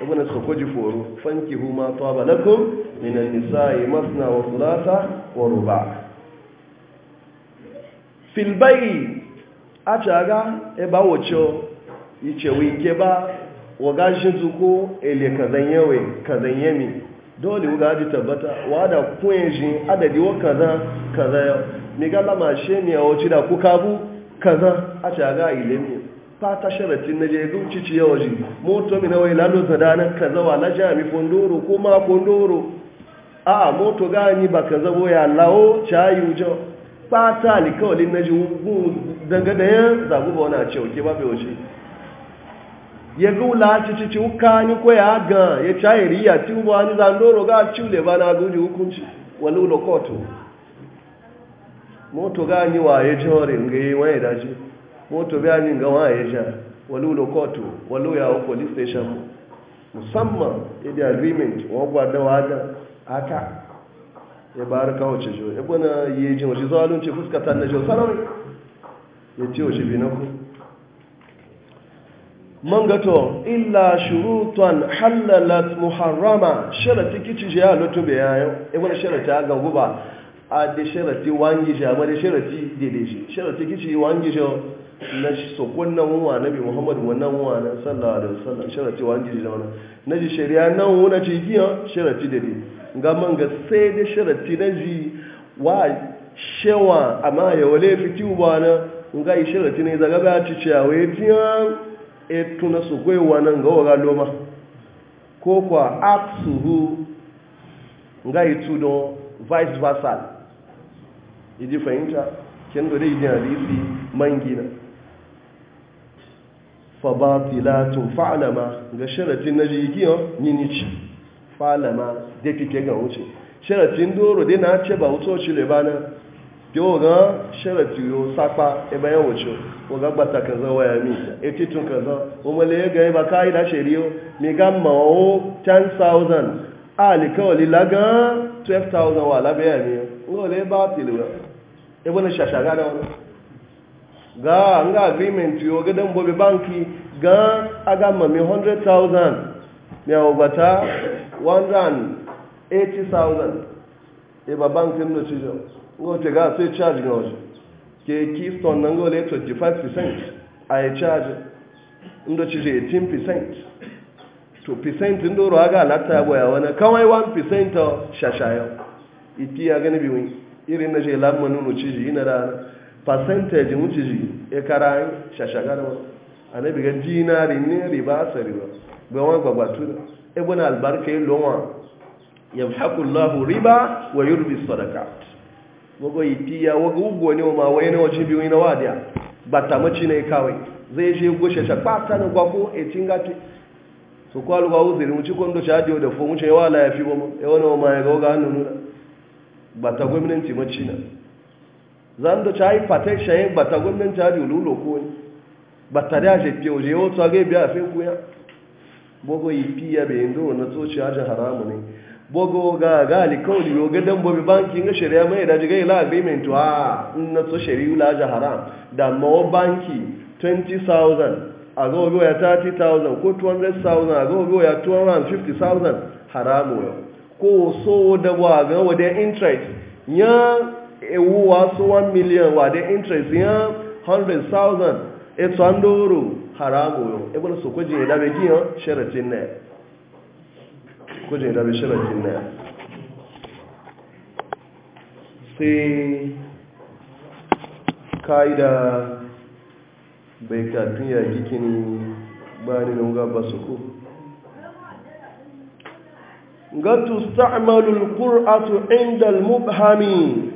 A: ibn su ko ji foro fanki huma taba lakum min an-nisa'i masna wa thulatha wa ruba fil bay'i achaga e ba wocho iche wike ba wagajin zuko ele ka kazanyemi dole wuga ji tabbata wada kuyen shi adadi wa kaza kaza yau mai gala ma shi ne a wace da kuka bu kaza a shaga ilimi fata sharatin na je zuci ci yawa ji moto mi na wai lalo zadana kaza wa na jami kondoro ko ma kondoro a moto gani ba kaza bo ya lawo chayu wujo fata alikawalin na ji gungun daga da yan wani a ce oke ba bai wace ya ga ci cici wukani ko ya ga ya cayi ya ti ubuwa ni zandoro ga ciule ba na guji hukunci wani ulo kotu moto ga ni wa ya jore nga yi wani daji moto biya ni ga wani ya ja wani ulo kotu wani ya wa police station musamman idi agreement wani gwada wada aka ya bar kawo cijo ya e bana yi jin wasu zuwa lunci fuskatan na jo sarari ya ci wasu binakun Mangato illa shurutan halalat muharrama sharati kici je ya lutu be yayo e wani sharati aga guba a de sharati wangi je amma de sharati de de shi sharati kici wangi je na so kunnan wa nabi muhammad wannan wa na sallallahu alaihi wasallam sharati wangi je wannan naji shari'a nan wona ci giya sharati de de ga man ga sai de sharati ji wa shewa amma ya wale fiti ubana ngai sharati ne daga ba ci ciyawe tiyan e tuna su kwewa nan ga wara loma ko kwa aksuhu nga itu don vice versa idi fahimta kin da dai hadisi mangina fa batilatu fa'lama ga sharatin naji nini ci fa'lama da fike ga wuce sharatin doro dai na ce ba wuto ci le bana yau ga sharafi yau sakpa ebe ya wuce ko ga gbata kaza waya mi eti tun kaza kuma le ga ba kai da mi ga mawo 10000 ali kawali laga 12000 wa labe ya mi ngo le ba tilu e na wani ga nga agreement yo ga dan bobe banki ga aga ma mi 100000 mi awbata 180000 e bankin no wata ga sai charge ga waje ke keystone nan gole percent a yi charge inda ci 18% to percent in doro aga halatta ya goya wani kawai 1% shashayen iti ya gani biyu irin na je lamma nunu ciji yìí da percentage mu ciji ya kara shashaga da wani anabi ga dinari riba sa riba ga wani gbagbatu da ibn albarka yi lomar yamhaku wọ́n riba wa yurbi sadaqat wago ipiya wago ugo ne ma wai ne wace biyu na wadiya bata ta mace ne kawai zai je goshe ta kwata na gwako e tinga ti so ko alwa uzuri mu ci kondo cha dio da fo mu ce wala ya fi bomo e wona ma ya ga hannu nuna bata ta gwamnati mace na zan do cha yi fatai shayin ba ta gwamnati cha dio lulo ko ne ba da je pio je o tsage biya fe kuya bogo ipiya be ndo na to ci ajin haramu ne bogo ga gali kauli yo ga dan bobi banki nga sharia mai da jiga ila agreement wa na to shari'u la ja haram da mawo banki 20000 ago go ya 30000 ko 200000 ago go ya 250000 haramu yo ko so da wa ga wa da interest ya ewu wa so 1 million wa da interest ya 100000 e tsandoro haramu yo e bana so ko je da be giyan sharatin ne kuje da bishirakin na sai ka'ida bai kafin ya gikini ba ni nunga ba su ku gatu sta'amalul ƙur'atu inda al-mubhami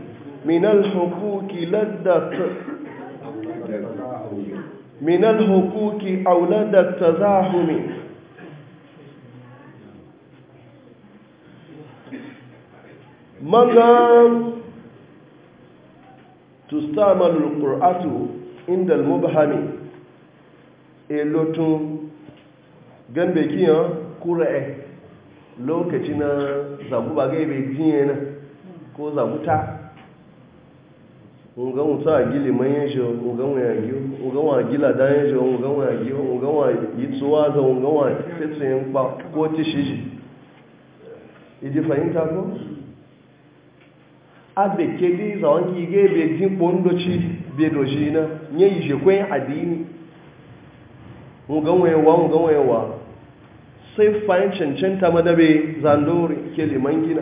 A: min al-hukuki ladda min al-hukuki auladat tazahumi manga tustamalul qur'atu inda al-mubhami e lotun gambe kiyan qur'e lokaci na zabu ba ga ibe jiye na ko zabu ta a gili shi ungan wa yagi ungan wa gila dan yin shi ungan wa yagi ungan wa yi tsuwa da ungan wa fetsu yin kwa ko ti shi shi idi fahimta ko abe kedi za wanki ge be jin pondoci be doji na nye yije kwen adini nganwewa wa. sai fayin ta madabe zandori ke liman gina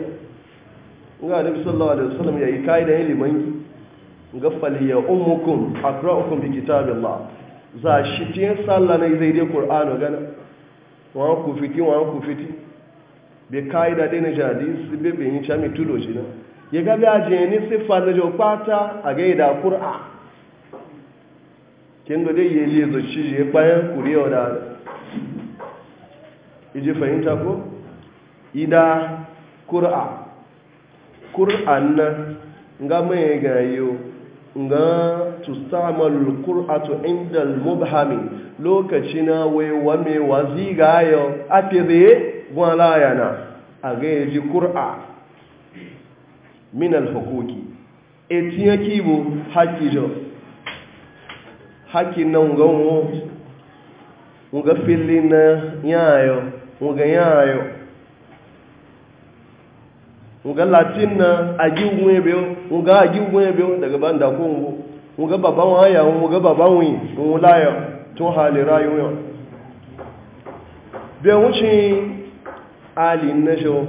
A: ga da sallallahu alaihi wasallam yi kaida yin liman ga faliya ummukum aqra'ukum bi kitabillah za shi tin sallah ne zai dai qur'ano gana wa ku fiti wa ku fiti be kaida dai na jadi be be yin chami tudo shi na ya gabi a jini siffa da jokwata a da kur'a kin gode dai yi zuci ya bayan kuriya da iji fahimta ko ida kur'a kur'an nan ga mai gayo ga kur'a kur'atu inda mubhami lokaci na waiwa mai wazi gayo a fiye gwanla na. a gaiji kur'a min alhukuki e eti ya kibo haki jo haki na nga nga fili na yayo nga yayo nga latin na aji webe nga aji webe daga banda kongo nga baban waya nga baban wi ngulayo to hali rayuwa Be wucin ali na jo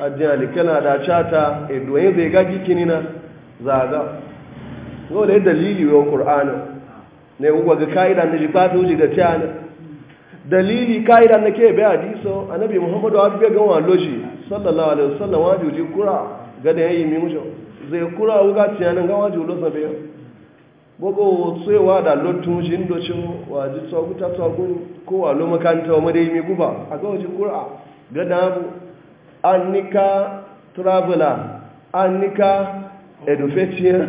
A: ajiyar kana da cata edoyin zai gaji kini na zaga yau da ya dalili wa ƙur'anin ne uwa ga ka'idan na jifata wuce ga cana dalili ka'ida na ke bai hadiso annabi muhammadu abu bai gan waloshi sallallahu alaihi wasallam waje uji kura ga da ya yi mimusho zai kura wuga ciyanin ga wajen ulosa bai gbogbo tsewa da lotun shi ndocin waje tsoguta tsogun kowa lo makanta wa madayi mi guba a ga waje kura ga damu an nika traveler an nika edufetiyar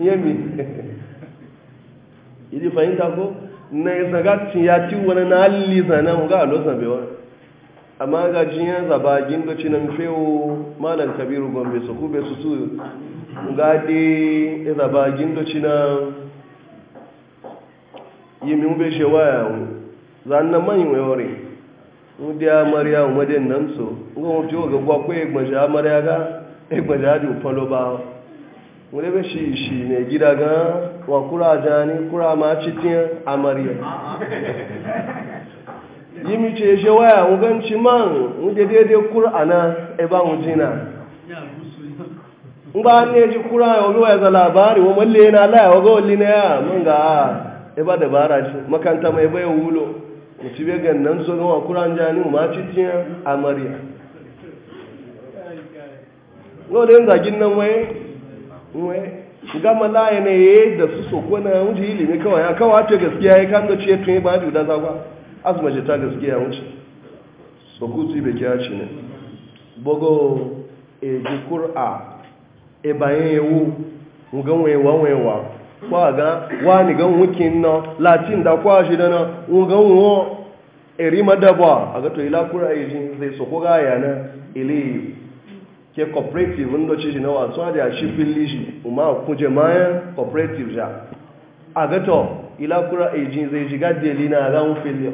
A: yemi idi fahimta ko na isa ga ya ci wani na alisa na ga alosan bewa amma ga jiya zaba ginga ci nan fewo malam kabiru gombe su kube su su ga de zaba ginga ci nan yi mi mube shewa ya zan na manyan wayore ndị amarị ahụ dị nna m so nga nwoke oge gwakwa egbeji amarị aga egbeji adị ụfọdụba nwere be shi shi na gida ga wakwuru aja anyị kwuru ama chitinye amarị yi mi ce ṣe waya wugan ci man wuje ana kur'ana ebe ahụ jina ngba ne ji kura ya wani waya ga labari wa malle na laya waga wali na ya mun ga ebe dabara maka ntama ebe bai ụlọ. ga bai gannan so gawa kuran jani ma cikin amariya no da yin zagin nan waye waye gama laye ne ya yi da su soko na wuce ilimi kawa ya kawa atụ gaskiya ya kan gaci ya tun yi ba da zagwa azuma ce ta gaskiya wuce soko su bai kya ci ne bogo e ji kur'a e kwa ga wani gan wikin na latin da kwa shi dana wugan wo eri madaba a ga to ila kura yi zai so ko ga ya na ile ke cooperative ndo ci shi na wa so da shi fili shi umma ku je maya cooperative ja a to ila kura yi zai shiga deli na ga mu fili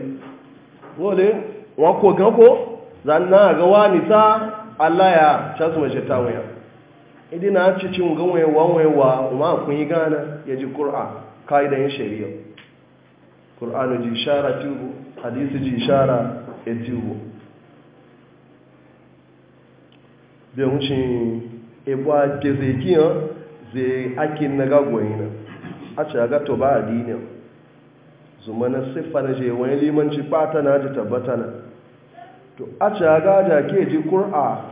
A: wole wa ko ga ko na ga wani sa Allah ya shasu mai shaitawa ya idi na cici ga wewa wewa ma kun yi gana ya ji qur'an kaidan shari'a qur'an ji shara tubu hadisi ji shara e e ya tubu bi hun shi ebo a keze zai ake akin na a ce aga to ba adini zuma na siffa na je wani limanci fata na ji tabbata na to a ce ga da ke ji ƙura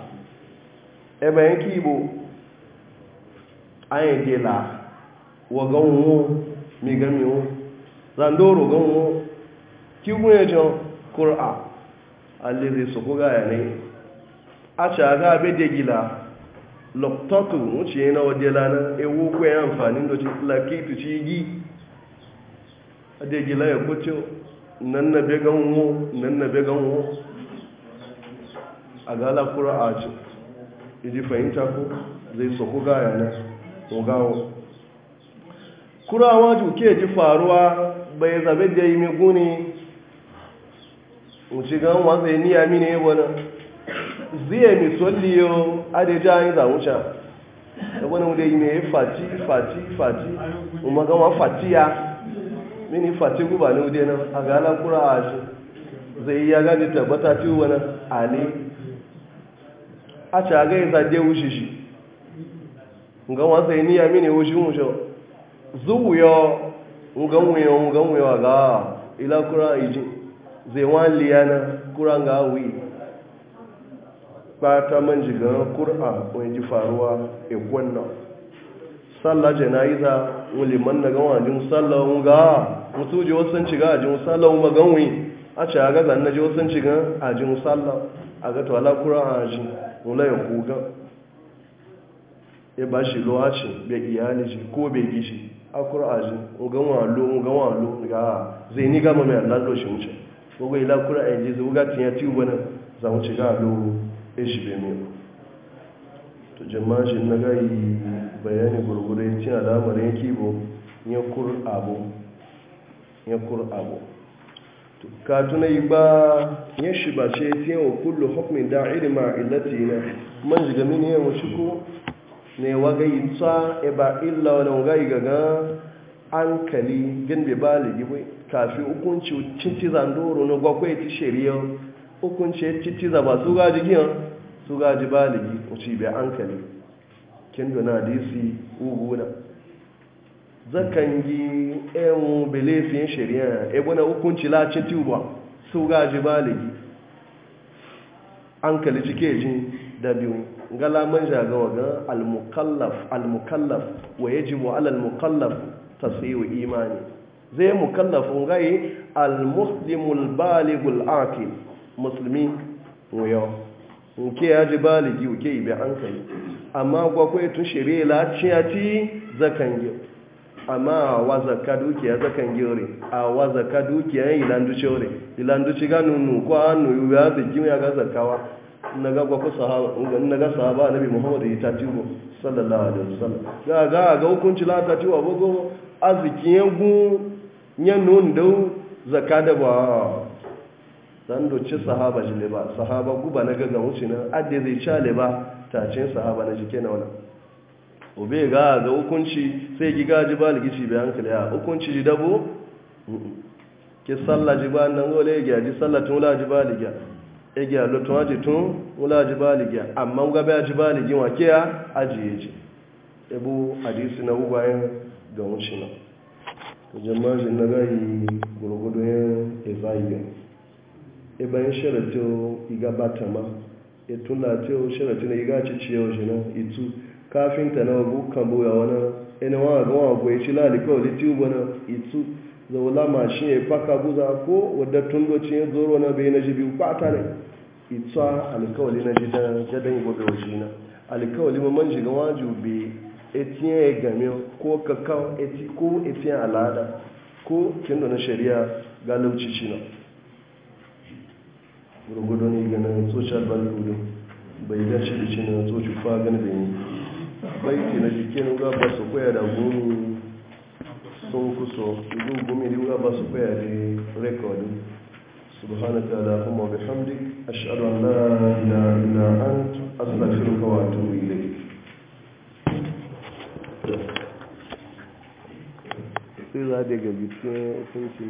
A: ebe yanki bo anyị gela wa ganwo mi gamiwo zandoro ganwo kigun ejo a alere soko ga ya ne a ci aga abede gila loktoku wuce yana wajela na ewu kwe ya amfani da ci lakitu ci gi adegila ya kuce nan na be ganwo nan na be ganwo a gala qur'an ci idi fahimta ko zai soko ga ya ne ngawo kurawa juke ji faruwa bai zabe da yi meguni wuce gan wanzu ya niya mini ya wani ziye mi tsolliyo adeja yi zawuca da wani wude yi mai fati fati fati umar fatiya mini fati guba ne wude na a gana kura a shi zai ya gani tabbata ci wani ali a cagai zaje wuce shi nga sai ni ya mini wushi musho zuwu yo nga muyo nga muyo ga ila kura iji zai wan liyana kura nga wi bata man jiga qur'an wani ji faruwa e gwanna sallah janaiza wuli man daga jin sallah nga mutu je wasan ciga jin sallah ma ganwi a ce aga zanna je wasan a jin sallah A ga to ala qur'an ajin wala ya kuga ya ba shi lo'acin bai iyali shi ko bai gishi a kur'ajin ogan walo ogan walo ga zai ni gama mai allah shi wuce ogun ila kur'ajin ji zai wugatin ya ci wani za wuce ga alo ya shi to shi na gayi bayani gurgurai cin alamar ya kibo ya kur'abo ya kur'abo to ka tuna yi ba ya shi ba ce tiyan wa hukumin da'iri ma illati na mini ne waga yi tsa e ba illa wani waga yi gaga an kali gan bai ba kafi hukunci cici zandoro na gwakwai ti shari'a hukunci cici za ba su gaji giyan su gaji ba ligi uci bai an kali kin dona disi uguna zakan yi emu belefin shari'a ebona hukunci la cici ba su gaji ba ligi cike jin da gala man jaga wa gan al-mukallaf al-mukallaf wa yajibu ala al-mukallaf tasiyu imani zai mukallafun gai al-muslimul baligul aqil muslimi wayo nke ya ji baligi uke ibe kai amma gwakwai tun shirye laciyati zakan gi amma wa zaka dukiya zakan gyore a wa zaka dukiya yin ilanduci ore ilanduci ganu nukwa nuyu ya zigi ya ga zakawa na ga sahaba na ga sahaba nabi muhammadu ya tati go sallallahu alaihi wasallam ga ga ga hukunci la tati wa bogo aziki yangu nyanun dau da ba dan do ci sahaba jile ba sahaba guba na ga ga wuce na adde zai chale ba tacin sahaba na jike na wala obe ga ga hukunci sai ga ji ba ligici bai hankali a hukunci ji dabo ke sallaji ba nan gole ya ji sallah la ji ba ligiya ege a aji tun wula aji baligi amma gabe aji baligi wake ya aji ya ji ebu hadisi na ugbayen ga wuce na jamaji na gayi gurgudu yin ezayiyo ibayin shirati o iga bata ma itun e lati o shirati na iga cici yau shi na itu kafinta na ogu kan boya wani ẹni wọn àgbọn àgbọn ìṣílá àdíkọ̀ létí ó bọ́nà ìtú zaula shi ya faka guza ko wadda tun ya zoro na bai na ji biyu ta ne ita alkawali na ji dan jadan ibo bai waje na alkawali ma man jiga waju bi etiyan ya game ko kakao eti ko etiyan al'ada ko kindo na shari'a ga lauci shi na gurgudu ne ga nan social gudu bai shi da shi na tsoci fa gani bai baiti na jikin gaba su koya da gudu tó ń kú sọ ìlú gómìnà ìlú rábà sọ pé ẹ̀rí rékọ̀dì subhanatala fún mọ̀bí hamdi aṣọ́rọ̀ náà ìlànà